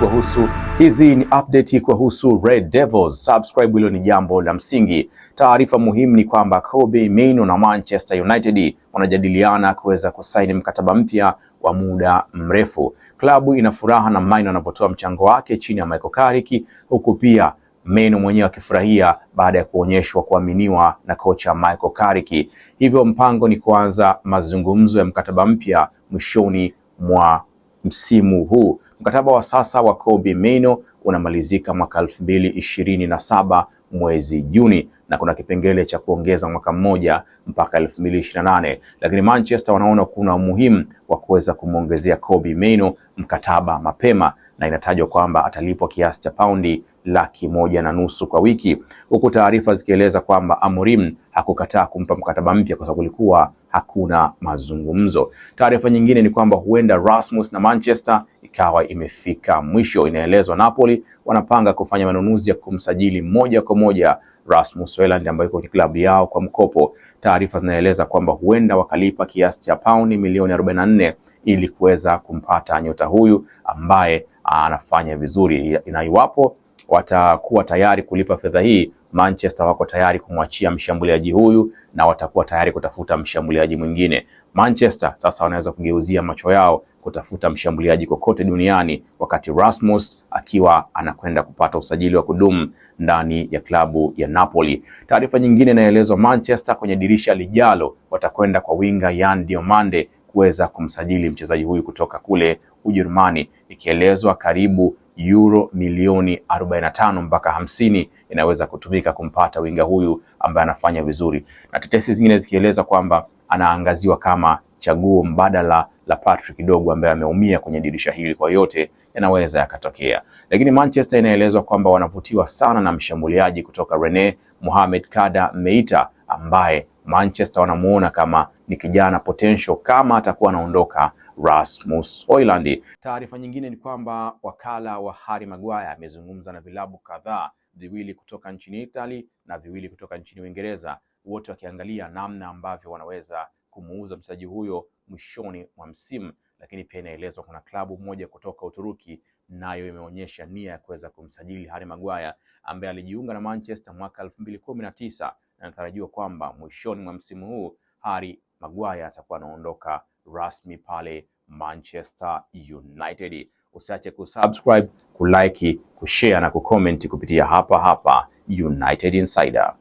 kuhusu hizi ni update kuhusu Red Devils. Subscribe, hilo ni jambo la msingi. Taarifa muhimu ni kwamba Kobe Mainoo na Manchester United wanajadiliana kuweza kusaini mkataba mpya wa muda mrefu. Klabu ina furaha na Mainoo anapotoa mchango wake chini ya Michael Carrick, huku pia Mainoo mwenyewe akifurahia baada ya kuonyeshwa kuaminiwa na kocha Michael Carrick. Hivyo mpango ni kuanza mazungumzo ya mkataba mpya mwishoni mwa msimu huu. Mkataba wa sasa wa Kobe Maino unamalizika mwaka elfu mbili ishirini na saba mwezi Juni na kuna kipengele cha kuongeza mwaka mmoja mpaka 2028, lakini Manchester wanaona kuna umuhimu wa kuweza kumwongezea Kobbie Mainoo mkataba mapema, na inatajwa kwamba atalipwa kiasi cha paundi laki moja na nusu kwa wiki, huku taarifa zikieleza kwamba Amorim hakukataa kumpa mkataba mpya kwa sababu kulikuwa hakuna mazungumzo. Taarifa nyingine ni kwamba huenda Rasmus na Manchester ikawa imefika mwisho. Inaelezwa Napoli wanapanga kufanya manunuzi ya kumsajili moja kwa moja Rasmus Hojlund ambaye yuko kwenye klabu yao kwa mkopo. Taarifa zinaeleza kwamba huenda wakalipa kiasi cha pauni milioni 44 ili kuweza kumpata nyota huyu ambaye anafanya vizuri, na iwapo watakuwa tayari kulipa fedha hii, Manchester wako tayari kumwachia mshambuliaji huyu na watakuwa tayari kutafuta mshambuliaji mwingine. Manchester sasa wanaweza kugeuzia macho yao kutafuta mshambuliaji kokote duniani, wakati Rasmus akiwa anakwenda kupata usajili wa kudumu ndani ya klabu ya Napoli. Taarifa nyingine inaelezwa Manchester kwenye dirisha lijalo watakwenda kwa winga Yan Diomande kuweza kumsajili mchezaji huyu kutoka kule Ujerumani, ikielezwa karibu euro milioni 45 mpaka hamsini inaweza kutumika kumpata winga huyu ambaye anafanya vizuri, na tetesi zingine zikieleza kwamba anaangaziwa kama chaguo mbadala la Patrick Dorgu ambaye ameumia kwenye dirisha hili, kwa yote yanaweza yakatokea. Lakini Manchester inaelezwa kwamba wanavutiwa sana na mshambuliaji kutoka Rene Mohamed Kada Meita ambaye Manchester wanamuona kama ni kijana potential kama atakuwa anaondoka Rasmus Hojlund. Taarifa nyingine ni kwamba wakala wa Harry Maguire amezungumza na vilabu kadhaa, viwili kutoka nchini Italy na viwili kutoka nchini Uingereza, wote wakiangalia namna ambavyo wanaweza kumuuza mchezaji huyo mwishoni mwa msimu, lakini pia inaelezwa kuna klabu moja kutoka Uturuki nayo imeonyesha nia ya kuweza kumsajili Harry Maguire ambaye alijiunga na Manchester mwaka elfu mbili kumi na tisa na anatarajiwa kwamba mwishoni mwa msimu huu Harry Maguire atakuwa anaondoka rasmi pale Manchester United. Usiache kusubscribe, kulike, kushare na kucomment kupitia hapa hapa United Insider.